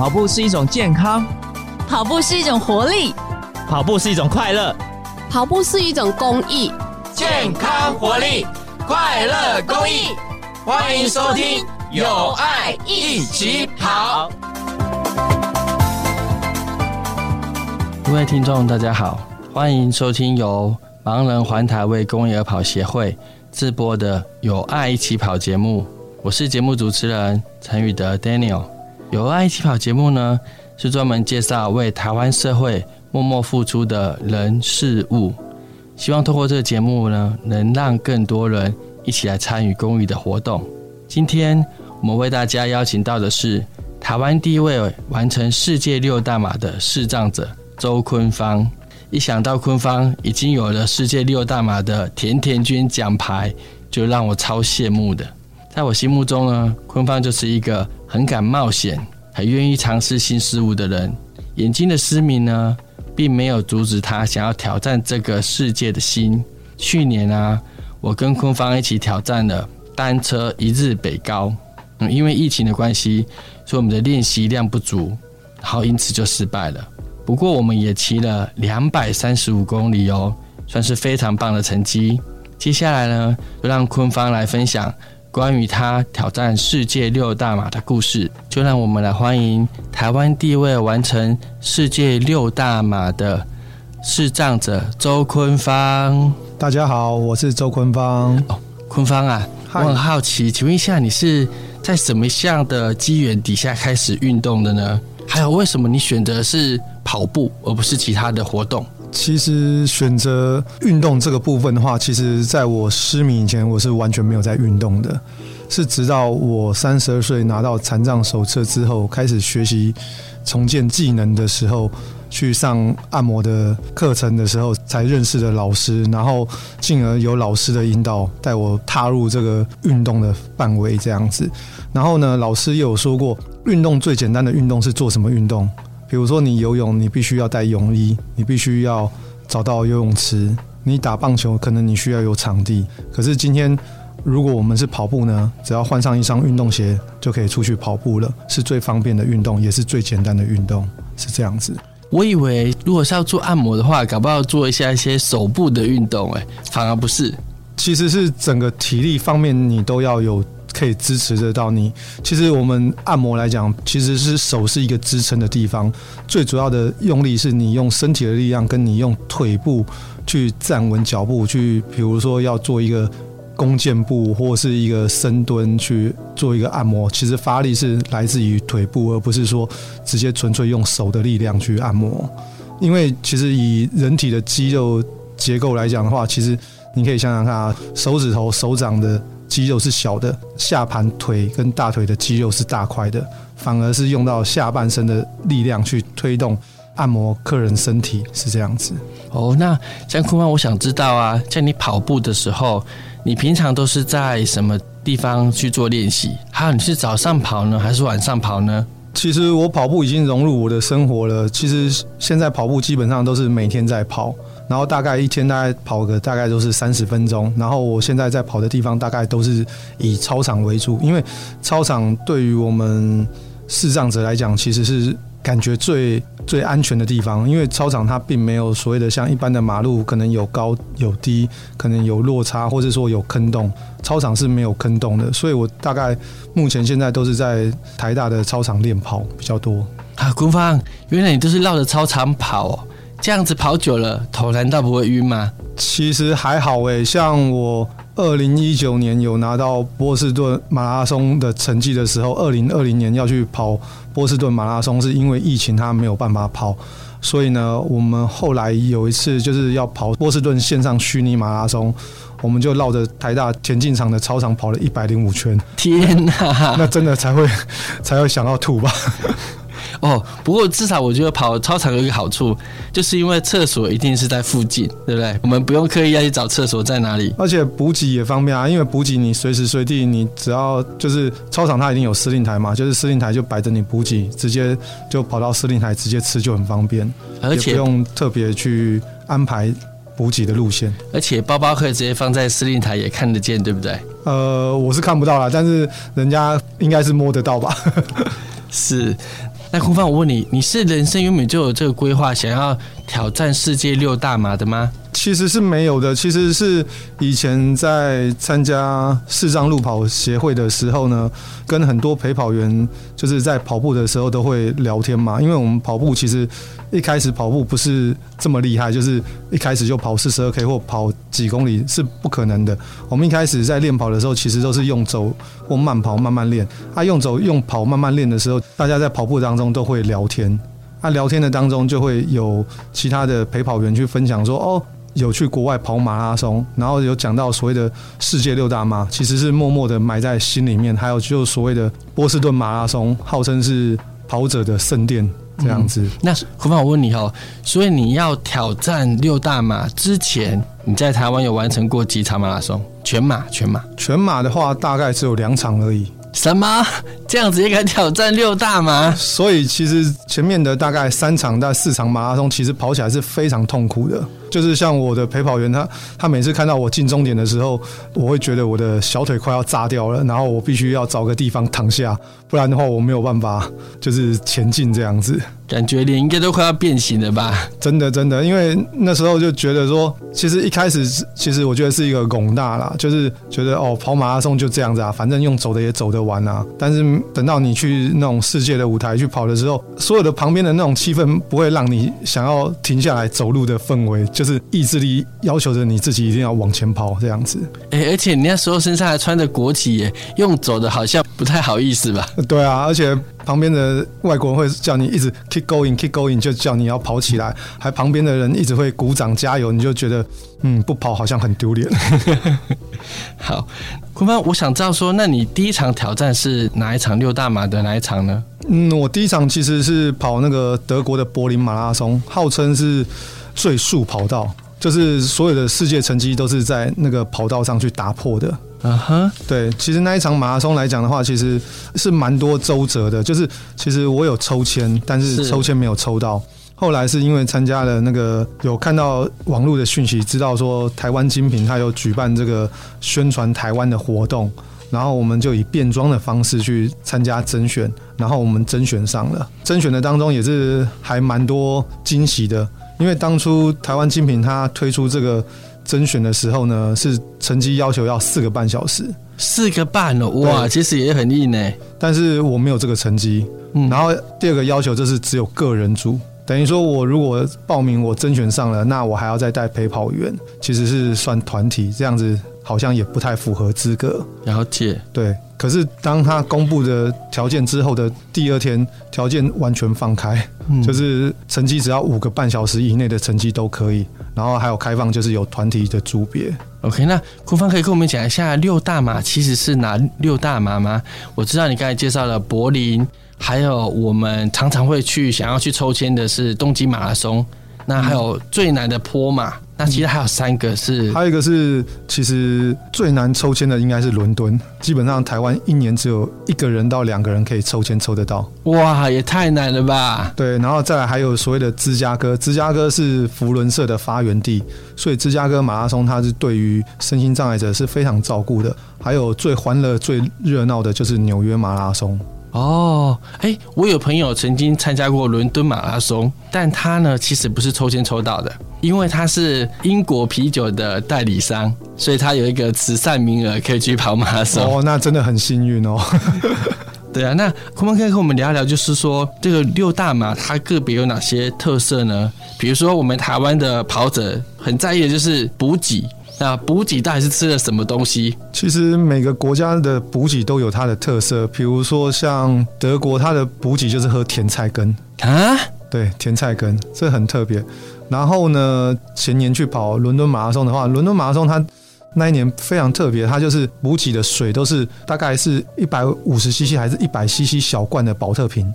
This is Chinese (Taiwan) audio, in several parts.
跑步是一種健康，跑步是一種活力，跑步是一種快樂，跑步是一種公益。健康、活力、快樂、公益，歡迎收聽《有愛益起跑》。各位聽眾，大家好，歡迎收聽由盲人環台為公益而跑協會自播的《有愛益起跑》節目，我是節目主持人陳宇德 Daniel。有愛益起跑節目呢，是專門介紹為台灣社會默默付出的人事物。希望透過這個節目呢，能讓更多人一起來參與公益的活動。今天我們為大家邀請到的是台灣第一位完成世界六大馬的視障者周坤芳。一想到坤芳已經有了世界六大馬的甜甜軍獎牌，就讓我超羨慕的。在我心目中呢，坤芳就是一個。很敢冒險，很願意嘗試新事物的人。眼睛的失明呢，並沒有阻止他想要挑戰這個世界的心。去年啊，我跟坤芳一起挑戰了單車一日北高。嗯，因為疫情的關係，所以我們的練習量不足，然後因此就失敗了。不過，我們也騎了兩百三十五公里哦，算是非常棒的成績。接下來呢，就讓坤芳來分享。關於他挑戰世界六大馬的故事，就讓我們來歡迎台灣第一位完成世界六大馬的視障者周坤芳。大家好，我是周坤芳。哦，坤芳啊，Hi 我很好奇，請問一下，你是在什麼樣的機緣底下開始運動的呢？還有，為什麼你選擇是跑步而不是其他的活動？其實選擇運動這個部分的話，其實在我失明以前，我是完全沒有在運動的。是直到我三十二歲拿到殘障手冊之後，開始學習重建技能的時候，去上按摩的課程的時候，才認識的老師，然後進而有老師的引導，帶我踏入這個運動的範圍這樣子。然後呢，老師也有說過，運動最簡單的運動是做什麼運動？比如說，你游泳，你必須要帶泳衣，你必須要找到游泳池；你打棒球，可能你需要有場地。可是今天，如果我們是跑步呢？只要換上一雙運動鞋，就可以出去跑步了，是最方便的運動，也是最簡單的運動，是這樣子。我以為，如果是要做按摩的話，搞不好要做一下一些手部的運動、欸，哎，反而不是，其實是整個體力方面你都要有。可以支持得到你。其實我們按摩來講，其實是手是一個支撐的地方，最主要的用力是你用身體的力量，跟你用腿部去站穩腳步，去比如說要做一個弓箭步或是一個深蹲去做一個按摩。其實發力是來自於腿部，而不是說直接純粹用手的力量去按摩。因為其實以人體的肌肉結構來講的話，其實你可以想想看啊，手指頭、手掌的。肌肉是小的，下盤腿跟大腿的肌肉是大塊的，反而是用到下半身的力量去推動按摩客人身體，是這樣子。哦，那江，坤芳，我想知道啊，在你跑步的時候，你平常都是在什麼地方去做練習？還、啊、有你是早上跑呢，還是晚上跑呢？其實我跑步已經融入我的生活了。其實現在跑步基本上都是每天在跑。然後大概一天大概跑個大概都是三十分鐘，然後我現在在跑的地方大概都是以操場為主，因為操場對於我們視障者來講，其實是感覺最最安全的地方，因為操場它並沒有所謂的像一般的馬路，可能有高有低，可能有落差，或者說有坑洞，操場是沒有坑洞的，所以我大概目前現在都是在台大的操場練跑比較多。啊，坤芳原來你都是繞着操場跑哦。這樣子跑久了，頭難道不會暈嗎？其實還好誒、欸，像我二零一九年有拿到波士頓馬拉松的成績的時候，二零二零年要去跑波士頓馬拉松，是因為疫情他沒有辦法跑，所以呢，我們後來有一次就是要跑波士頓線上虛擬馬拉松，我們就繞着台大田徑場的操場跑了一百零五圈。天哪、啊，那真的才會才會想到吐吧。 哦，不過至少我覺得跑操場有一個好處，就是因為廁所一定是在附近，對不對？我們不用刻意要去找廁所在哪裡。而且補給也方便啊，因為補給你隨時隨地，你只要就是操場，它一定有司令台嘛，就是司令台就擺着你補給，直接就跑到司令台直接吃就很方便，而且不用特別去安排補給的路線。而且包包可以直接放在司令台，也看得見，對不對？呃，我是看不到啦，但是人家應該是摸得到吧？ 是。那坤芳，我問你，你是人生原本就有這個規劃，想要挑戰世界六大馬的嗎？其實是沒有的，其實是以前在參加視障路跑協會的時候呢，跟很多陪跑員就是在跑步的時候都會聊天嘛。因為我們跑步其實一開始跑步不是這麼厲害，就是一開始就跑四十二 k 或跑幾公里是不可能的。我們一開始在練跑的時候，其實都是用走或慢跑慢慢練。他、啊、用走用跑慢慢練的時候，大家在跑步當中都會聊天。他、啊、聊天的當中就會有其他的陪跑員去分享說哦。有去國外跑馬拉松，然後有講到所謂的世界六大馬，其實是默默的埋在心裡面。還有就所謂的波士頓馬拉松，號稱是跑者的聖殿這樣子。嗯、那坤芳，我問你哦，所以你要挑戰六大馬之前，你在台灣有完成過幾場馬拉松？全馬、全馬、全馬的話，大概只有兩場而已。什麼？這樣子也敢挑戰六大馬？所以其實前面的大概三場到四場馬拉松，其實跑起來是非常痛苦的。就是像我的陪跑員他，他他每次看到我進終點的時候，我會覺得我的小腿快要炸掉了，然後我必須要找個地方躺下，不然的話我沒有辦法就是前進這樣子。感覺臉應該都快要變形了吧？真的真的，因為那時候就覺得說，其實一開始其實我覺得是一個拱大啦，就是覺得哦，跑馬拉松就這樣子啊，反正用走的也走得完啊。但是等到你去那種世界的舞台去跑的時候，所有的旁邊的那種氣氛不會讓你想要停下來走路的氛圍。就是意志力要求着你自己一定要往前跑，這樣子。哎、欸，而且你那時候身上還穿着國旗耶，用走的好像不太好意思吧？對啊，而且旁邊的外國人會叫你一直 keep going，keep going，就叫你要跑起來，還旁邊的人一直會鼓掌加油，你就覺得嗯，不跑好像很丟臉。好，坤芳，我想知道說，那你第一場挑戰是哪一場六大馬的哪一場呢？嗯，我第一場其實是跑那個德國的柏林馬拉松，號稱是。最速跑道，就是所有的世界成績都是在那個跑道上去打破的。啊哈，Uh-huh. 對，其實那一場馬拉松來講的話，其實是蠻多周折的。就是其實我有抽籤，但是抽籤沒有抽到。是的。後來是因為參加了那個，有看到網絡的訊息，知道說台灣精品它有舉辦這個宣傳台灣的活動，然後我們就以變裝的方式去參加甄選，然後我們甄選上了。甄選的當中也是還蠻多驚喜的。因為當初台灣精品他推出這個甄選的時候呢，是成績要求要四個半小時，四個半哦，哇，對其實也很硬呢。但是我沒有這個成績。嗯。然後第二個要求就是只有個人組，等於說我如果報名我甄選上了，那我還要再帶陪跑員，其實是算團體，這樣子好像也不太符合資格。了解。對。可是，當他公布的條件之後的第二天，條件完全放開，嗯、就是成績只要五個半小時以內的成績都可以。然後還有開放，就是有團體的組別。OK，那坤芳可以跟我們講一下六大馬其實是哪六大馬嗎？我知道你剛才介紹了柏林，還有我們常常會去想要去抽籤的是東京馬拉松，那還有最難的波馬。嗯那其實還有三個是，還有一個是，其實最難抽籤的應該是倫敦，基本上台灣一年只有一個人到兩個人可以抽籤抽得到。哇，也太難了吧！對，然後再來還有所謂的芝加哥，芝加哥是福倫社的發源地，所以芝加哥馬拉松它是對於身心障礙者是非常照顧的。還有最歡樂、最熱鬧的就是紐約馬拉松。哦，哎，我有朋友曾經參加過倫敦馬拉松，但他呢其實不是抽籤抽到的，因為他是英國啤酒的代理商，所以他有一個慈善名額可以去跑馬拉松。哦，那真的很幸運哦。 對啊，那可不可以跟我們聊一聊，就是說這個六大馬它個別有哪些特色呢？比如說我們台灣的跑者很在意的就是補給。那補給袋是吃了什麼東西？其實每個國家的補給都有它的特色，比如說像德國，它的補給就是喝甜菜根啊，對，甜菜根這很特別。然後呢，前年去跑倫敦馬拉松的話，倫敦馬拉松它那一年非常特別，它就是補給的水都是大概是一百五十 cc 還是一百 cc 小罐的寶特瓶。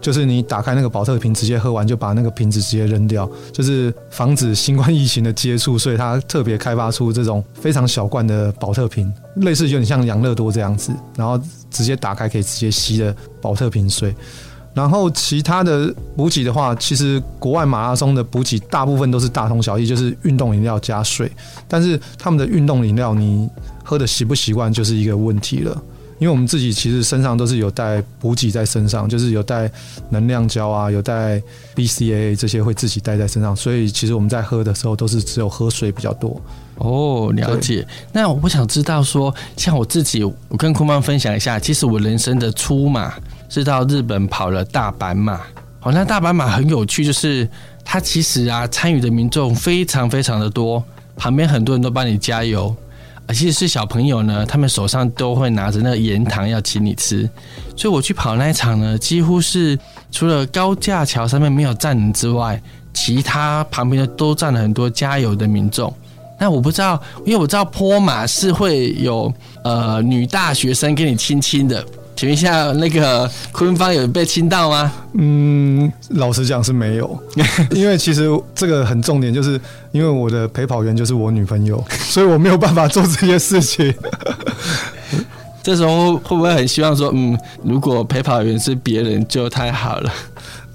就是你打開那個寶特瓶，直接喝完就把那個瓶子直接扔掉，就是防止新冠疫情的接觸，所以它特別開發出這種非常小罐的寶特瓶，類似有點像養樂多這樣子，然後直接打開可以直接吸的寶特瓶水。然後其他的補給的話，其實國外馬拉松的補給大部分都是大同小異，就是運動飲料加水，但是他們的運動飲料你喝得習不習慣就是一個問題了。因為我們自己其實身上都是有帶補給在身上，就是有帶能量膠啊，有帶 B C A A 這些會自己帶在身上，所以其實我們在喝的時候都是只有喝水比較多。哦，了解。對那我想知道說，像我自己，我跟坤芳分享一下，其實我人生的初馬是到日本跑了大阪馬，好、哦、像大阪馬很有趣，就是它其實啊參與的民眾非常非常的多，旁邊很多人都幫你加油。啊，其實是小朋友呢，他們手上都會拿着那個鹽糖要請你吃，所以我去跑那一場呢，幾乎是除了高架橋上面沒有站人之外，其他旁邊的都站了很多加油的民眾。但我不知道，因為我知道波馬是會有呃女大學生跟你親親的。請問一下，那個坤芳有被親到嗎？嗯，老實講是沒有，因為其實這個很重點，就是因為我的陪跑員就是我女朋友，所以我沒有辦法做這件事情。 這時候會不會很希望說，嗯，如果陪跑員是別人就太好了？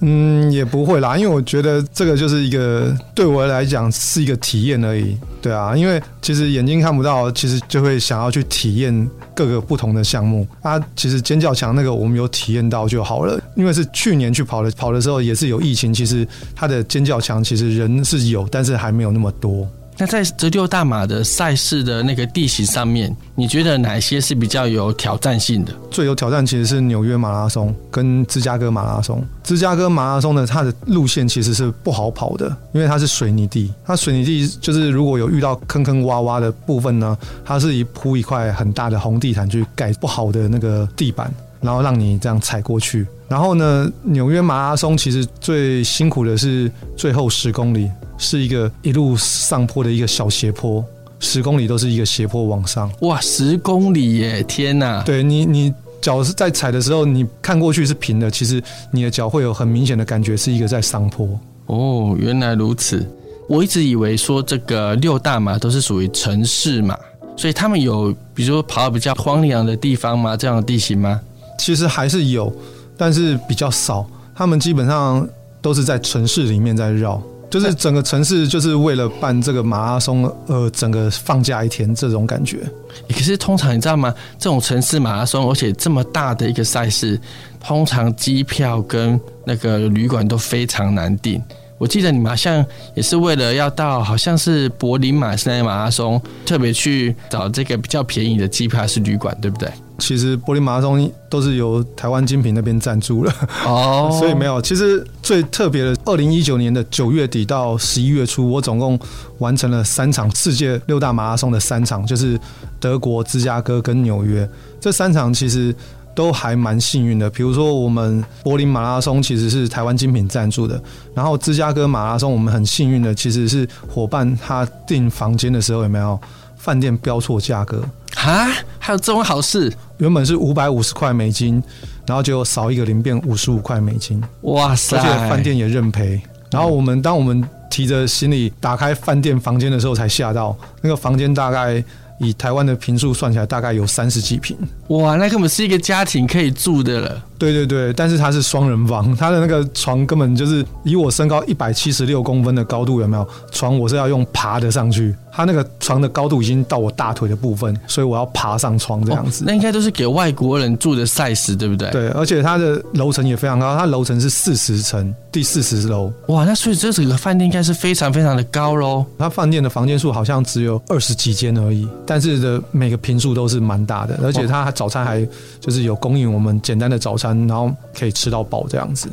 嗯，也不會啦，因為我覺得這個就是一個對我來講是一個體驗而已，對啊，因為其實眼睛看不到，其實就會想要去體驗各個不同的項目。啊，其實尖叫牆那個我們有體驗到就好了，因為是去年去跑的，跑的時候也是有疫情，其實它的尖叫牆其實人是有，但是還沒有那麼多。那在這六大馬的賽事的那個地形上面，你覺得哪些是比較有挑戰性的？最有挑戰其實是紐約馬拉松跟芝加哥馬拉松。芝加哥馬拉松呢，它的路線其實是不好跑的，因為它是水泥地。它水泥地就是如果有遇到坑坑窪窪的部分呢，它是以鋪一塊很大的紅地毯去蓋不好的那個地板，然後讓你這樣踩過去。然後呢，紐約馬拉松其實最辛苦的是最後十公里。是一個一路上坡的一個小斜坡，十公里都是一個斜坡往上。哇，十公里耶！天吶！對你，你腳是在踩的時候，你看過去是平的，其實你的腳會有很明顯的感覺，是一個在上坡。哦，原來如此。我一直以為說這個六大馬都是屬於城市嘛，所以他們有，比如說跑比較荒涼的地方嗎？這樣的地形嗎？其實還是有，但是比較少。他們基本上都是在城市裡面在繞。就是整個城市就是為了辦這個馬拉松，呃，整個放假一天這種感覺。可是通常你知道嗎？這種城市馬拉松，而且這麼大的一個賽事，通常機票跟那個旅館都非常難訂。我記得你們好像也是為了要到，好像是柏林馬，是那馬拉松，特別去找這個比較便宜的機票還是旅館，對不對？其實柏林馬拉松都是由台灣精品那邊贊助了，哦，所以沒有。其實最特別的，二零一九年的九月底到十一月初，我總共完成了三場世界六大馬拉松的三場，就是德國、芝加哥跟紐約這三場，其實都還蠻幸運的。比如說，我們柏林馬拉松其實是台灣精品贊助的，然後芝加哥馬拉松我們很幸運的其實是夥伴他訂房間的時候有沒有？飯店標錯價格啊！還有這種好事？原本是五百五十塊美金，然後就少一個零變五十五塊美金。哇塞！而且飯店也認賠。然後我們、嗯、當我們提着行李打開飯店房間的時候才，才嚇到，那個房間大概以台灣的坪數算起來，大概有三十幾坪。哇，那根本是一個家庭可以住的了。對對對，但是它是雙人房，它的那個床根本就是以我身高一百七十六公分的高度，有沒有？床我是要用爬的上去，它那個床的高度已經到我大腿的部分，所以我要爬上床這樣子。哦，那應該都是給外國人住的 size，對不對？對，而且它的樓層也非常高，它樓層是四十層，第四十樓。哇，那所以這整個飯店應該是非常非常的高嘍。它飯店的房間數好像只有二十幾間而已，但是的每個坪數都是蠻大的，而且它早餐還就是有供應我們簡單的早餐。然後可以吃到飽這樣子，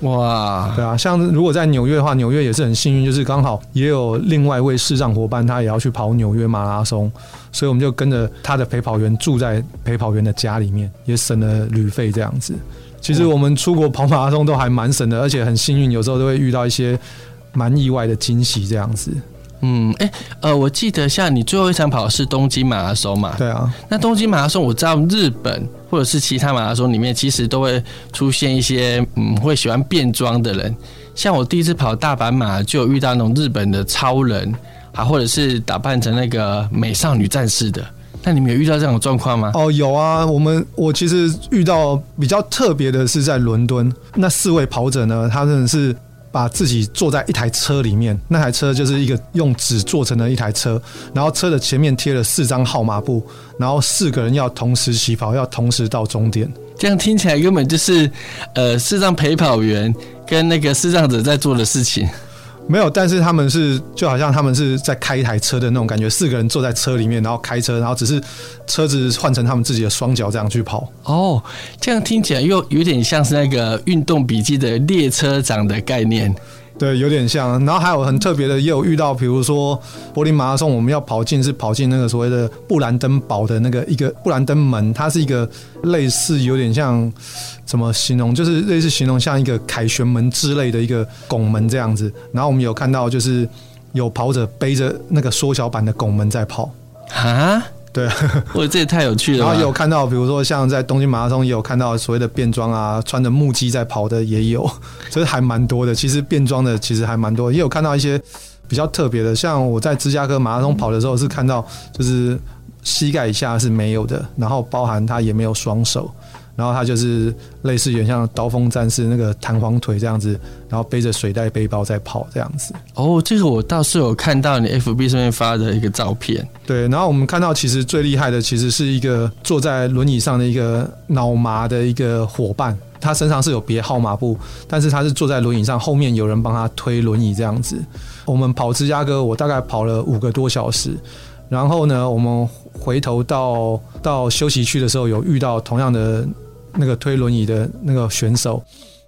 哇，對啊，像如果在紐約的話，紐約也是很幸運，就是剛好也有另外一位視障夥伴，他也要去跑紐約馬拉松，所以我們就跟着他的陪跑員住在陪跑員的家裡面，也省了旅費這樣子。其實我們出國跑馬拉松都還蠻省的，而且很幸運，有時候都會遇到一些蠻意外的驚喜這樣子。嗯，誒、欸，呃，我記得像你最後一場跑是東京馬拉松嘛？對啊。那東京馬拉松，我知道日本或者是其他馬拉松裡面，其實都會出現一些嗯，會喜歡變裝的人。像我第一次跑大阪馬，就有遇到那種日本的超人，啊，或者是打扮成那個美少女戰士的。那你們有遇到這種狀況嗎？哦，有啊。我們我其實遇到比較特別的是在倫敦，那四位跑者呢，他真的是。把自己坐在一台車裡面，那台車就是一個用紙做成的一台車，然後車的前面貼了四張號碼布，然後四個人要同時起跑，要同時到終點。這樣聽起來根本就是，呃，視障陪跑員跟那個視障者在做的事情。沒有，但是他們是就好像他們是在開一台車的那種感覺，四個人坐在車裡面，然後開車，然後只是車子換成他們自己的雙腳這樣去跑。哦，這樣聽起來又有點像是那個《運動筆記》的列車長的概念。對。對，有點像。然後還有很特別的，也有遇到，比如說柏林馬拉松，我們要跑進是跑進那個所謂的布蘭登堡的那個一個布蘭登門，它是一個類似有點像怎麼形容，就是類似形容像一個凱旋門之類的一個拱門這樣子。然後我們有看到就是有跑者背着那個縮小版的拱門在跑啊。對啊，我，這也太有趣了。然後也有看到，比如說像在東京馬拉松也有看到所謂的變裝啊，穿着木屐在跑的也有，其實還蠻多的。其實變裝的其實還蠻多，也有看到一些比較特別的，像我在芝加哥馬拉松跑的時候是看到，就是膝蓋以下是沒有的，然後包含他也沒有雙手。然後他就是類似於像刀鋒戰士那個彈簧腿這樣子，然後背着水袋背包在跑這樣子。哦，這個我倒是有看到你 FB 上面發的一個照片。對，然後我們看到其實最厲害的其實是一個坐在輪椅上的一個腦麻的一個伙伴，他身上是有別號碼布，但是他是坐在輪椅上，後面有人幫他推輪椅這樣子。我們跑芝加哥，我大概跑了五個多小時。然後呢，我們回頭到到休息區的時候，有遇到同樣的那個推輪椅的那個選手，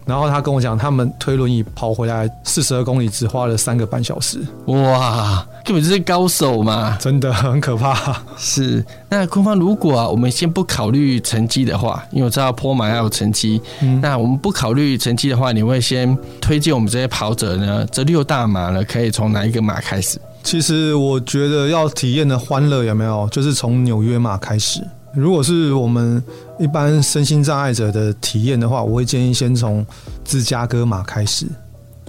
然後他跟我講，他們推輪椅跑回來四十二公里，只花了三個半小時。哇，根本就是高手嘛，啊、真的很可怕。是，那坤芳如果、啊、我們先不考慮成績的話，因為我知道波馬要有成績，嗯、那我們不考慮成績的話，你會先推薦我們這些跑者呢？這六大馬呢，可以從哪一個馬開始？其實我覺得要體驗的歡樂有沒有，就是從紐約馬開始。如果是我們一般身心障礙者的體驗的話，我會建議先從芝加哥馬開始。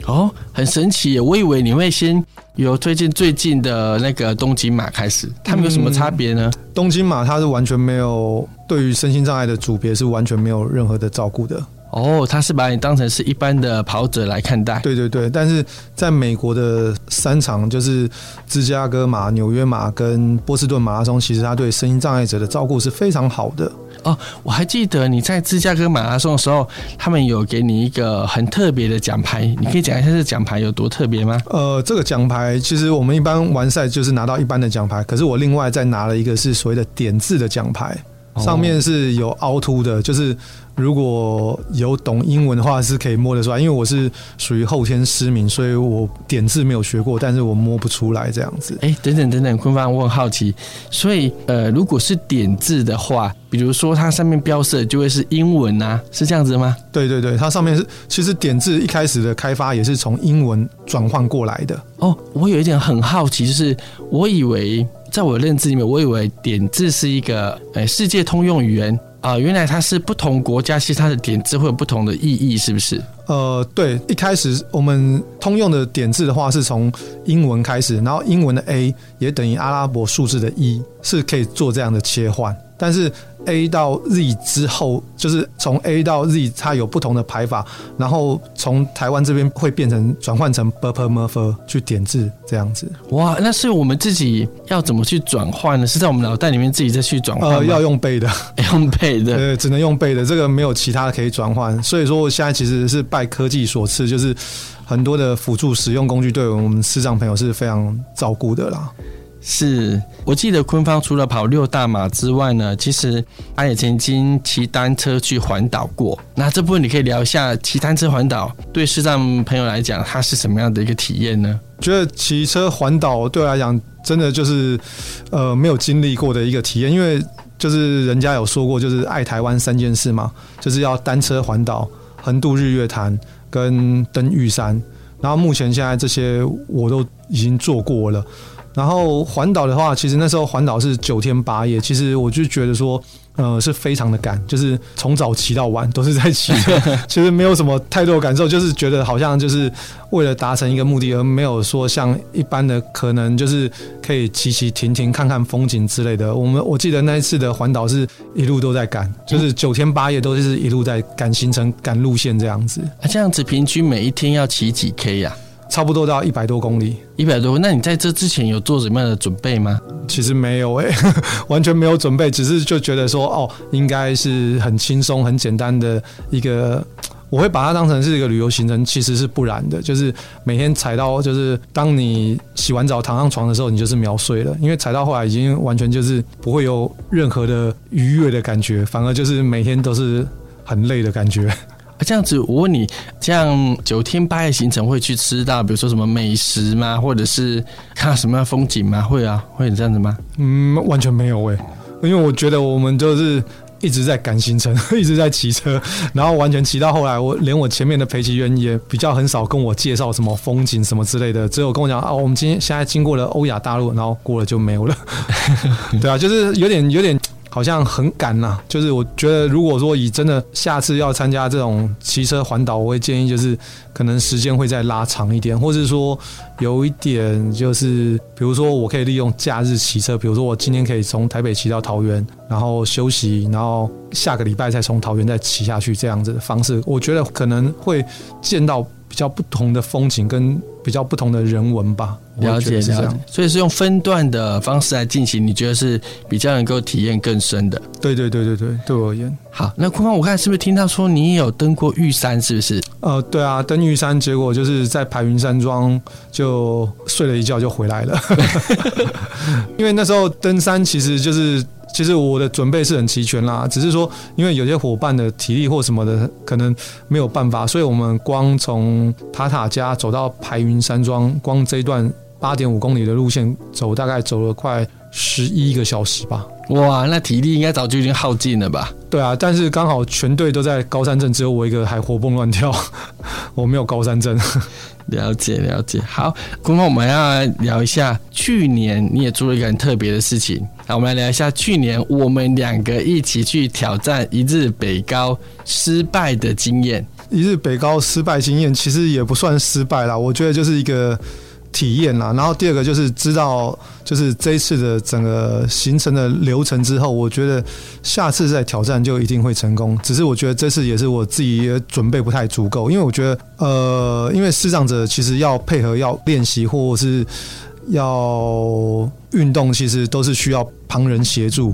哦，很神奇耶，我以為你會先由最近最近的那個東京馬開始。它們有什麼差別呢？嗯，東京馬它是完全沒有對於身心障礙的組別是完全沒有任何的照顧的。哦，他是把你當成是一般的跑者來看待。對對對，但是在美國的三場，就是芝加哥馬、紐約馬跟波士頓馬拉松，其實他對身心障礙者的照顧是非常好的。哦，我還記得你在芝加哥馬拉松的時候，他們有給你一個很特別的獎牌，你可以講一下這個獎牌有多特別嗎？呃，這個獎牌其實我們一般完賽就是拿到一般的獎牌，可是我另外再拿了一個是所謂的點字的獎牌。上面是有凹凸的，就是如果有懂英文的話，是可以摸得出來，因為我是屬於後天失明，所以我點字沒有學過，但是我摸不出來這樣子。哎，等等等等，坤芳，我很好奇，所以呃，如果是點字的話，比如說它上面標示的就會是英文吶、啊，是這樣子嗎？對對對，它上面是其實點字一開始的開發也是從英文轉換過來的。哦，我有一點很好奇，就是我以為。在我的認知裡面，我以為點字是一個誒世界通用語言啊，呃，原來它是不同國家其實它的點字會有不同的意義，是不是？呃，對，一開始我們通用的點字的話是從英文開始，然後英文的 A 也等於阿拉伯數字的一，是可以做這樣的切換。但是 A 到 Z 之後，就是從 A 到 Z，它有不同的排法，然後從台灣這邊會變成轉換成 Purple Merle 去點字這樣子。哇，那是我們自己要怎麼去轉換呢？是在我們腦袋裡面自己再去轉換？呃，要用背的，欸、用背的， 對，只能用背的，這個沒有其他的可以轉換。所以說，我現在其實是拜科技所賜，就是很多的輔助使用工具對我們視障朋友是非常照顧的啦。是我記得坤芳除了跑六大馬之外呢，其實他也曾經騎單車去環島過。那這部分你可以聊一下，騎單車環島對視障朋友來講，他是什麼樣的一個體驗呢？覺得騎車環島對我來講，真的就是呃沒有經歷過的一個體驗，因為就是人家有說過，就是愛台灣三件事嘛，就是要單車環島、橫渡日月潭跟登玉山。然後目前現在這些我都已經做過了。然後環島的話，其實那時候環島是九天八夜，其實我就覺得說，呃，是非常的趕，就是從早騎到晚都是在騎， 其實沒有什麼太多的感受，就是覺得好像就是為了達成一個目的，而沒有說像一般的可能就是可以騎騎停停看看風景之類的。我們我記得那一次的環島是一路都在趕，就是九天八夜都是一路在趕行程、趕路線這樣子。啊，這樣子平均每一天要騎幾 K 呀？啊？差不多到一百多公里，一百多。那你在這之前有做什麼樣的準備嗎？其實沒有哎、欸，完全沒有準備，只是就覺得說哦，應該是很輕鬆、很簡單的一個。我會把它當成是一個旅遊行程，其實是不然的。就是每天踩到，就是當你洗完澡躺上床的時候，你就是秒睡了。因為踩到後來已經完全就是不會有任何的愉悅的感覺，反而就是每天都是很累的感覺。這樣子，我問你，像九天八夜行程會去吃到，比如說什麼美食嗎？或者是看什麼樣的風景嗎？會啊，會這樣子嗎？嗯，完全沒有哎、欸，因為我覺得我們就是一直在趕行程，一直在騎車，然後完全騎到後來，我連我前面的陪騎員也比較很少跟我介紹什麼風景什麼之類的，只有跟我講啊，我們今天現在經過了歐亞大陸，然後過了就沒有了。 對啊，就是有點，有點。好像很趕吶、啊，就是我覺得，如果說以真的下次要參加這種騎車環島，我會建議就是可能時間會再拉長一點，或是說有一點就是，比如說我可以利用假日騎車，比如說我今天可以從台北騎到桃園，然後休息，然後下個禮拜再從桃園再騎下去這樣子的方式，我覺得可能會見到比較不同的風景跟比較不同的人文吧，了解一下。所以是用分段的方式來進行，你覺得是比較能夠體驗更深的？對對對對對，對我而言，好，那坤芳，我看是不是聽到說你有登過玉山？是不是？呃，對啊，登玉山，結果就是在排雲山莊就睡了一覺就回來了， 因為那時候登山其實就是。其實我的準備是很齊全啦，只是說因為有些夥伴的體力或什麼的可能沒有辦法，所以我們光從塔塔家走到排雲山莊，光這一段八點五公里的路線走，走大概走了快十一個小時吧。哇，那體力應該早就已經耗盡了吧？對啊，但是剛好全隊都在高山症，只有我一個還活蹦亂跳。 我沒有高山症。 了解了解。好，那麼我們要聊一下，去年你也做了一個很特別的事情。好，我們來聊一下去年我們兩個一起去挑戰一日北高失敗的經驗。一日北高失敗經驗其實也不算失敗啦，我覺得就是一個體驗啦。然後第二個就是知道，就是這一次的整個行程的流程之後，我覺得下次再挑戰就一定會成功。只是我覺得這次也是我自己也準備不太足夠，因為我覺得呃，因為視障者其實要配合、要練習或是要運動，其實都是需要。旁人協助，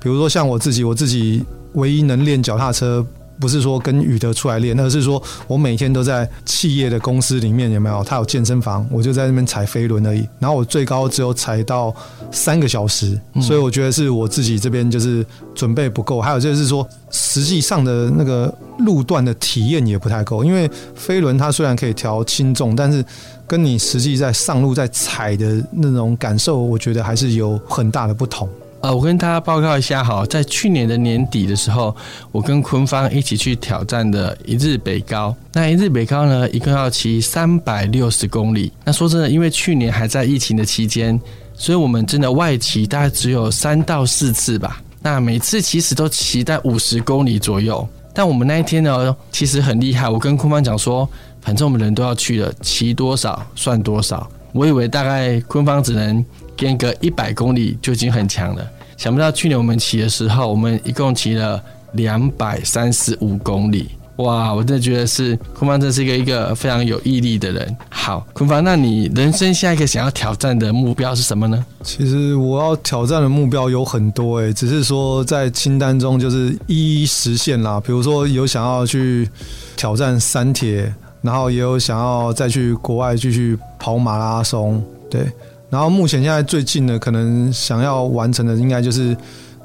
比如說像我自己，我自己唯一能練腳踏車，不是說跟宇德出來練，而是說我每天都在企業的公司裡面有沒有？他有健身房，我就在那邊踩飛輪而已。然後我最高只有踩到三個小時，嗯。所以我覺得是我自己這邊就是準備不夠，還有就是說實際上的那個路段的體驗也不太夠，因為飛輪它雖然可以調輕重，但是。跟你實際在上路在踩的那種感受，我覺得還是有很大的不同。呃，我跟大家報告一下，哈，在去年的年底的時候，我跟坤芳一起去挑戰的一日北高。那一日北高呢，一共要騎三百六十公里。那說真的，因為去年還在疫情的期間，所以我們真的外騎大概只有三到四次吧。那每次其實都騎在五十公里左右。但我們那一天呢，其實很厲害。我跟坤芳講說。反正我們人都要去了，騎多少算多少。我以為大概坤芳只能間個一百公里就已經很強了，想不到去年我們騎的時候，我們一共騎了兩百三十五公里，哇！我真的覺得是坤芳，坤真是一個一個非常有毅力的人。好，坤芳，那你人生下一個想要挑戰的目標是什麼呢？其實我要挑戰的目標有很多誒、欸，只是說在清單中就是一一實現啦。比如說有想要去挑戰三鐵。然後也有想要再去國外繼續跑馬拉松，對。然後目前現在最近的可能想要完成的，應該就是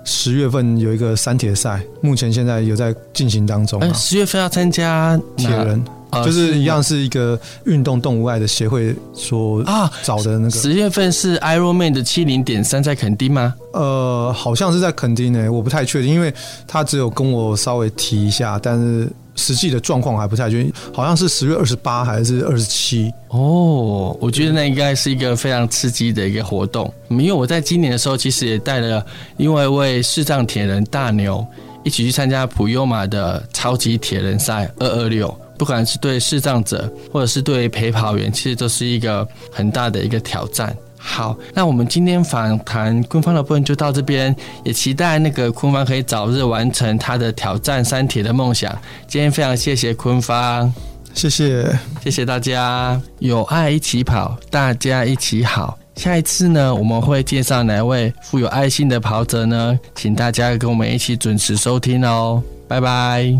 十月份有一個三鐵賽，目前現在有在進行當中、啊呃。十月份要參加鐵人，啊、就是一樣是一個運動動物愛的協會所啊找的那個。啊、十月份是 Ironman 的七零點三在墾丁嗎？呃，好像是在墾丁呢、欸，我不太確定，因為他只有跟我稍微提一下，但是。實際的狀況還不太準，好像是十月二十八還是二十七哦。我覺得那應該是一個非常刺激的一個活動，嗯、因為我在今年的時候其實也帶了另外一位視障鐵人大牛一起去參加普悠瑪的超級鐵人賽二二六。不管是對視障者，或者是對陪跑員，其實都是一個很大的一個挑戰。好，那我們今天訪談坤芳的部分就到這邊，也期待那個坤芳可以早日完成他的挑戰三鐵的夢想。今天非常謝謝坤芳，謝謝謝謝大家，有愛一起跑，大家一起好。下一次呢，我們會介紹哪位富有愛心的跑者呢？請大家跟我們一起準時收聽哦，拜拜。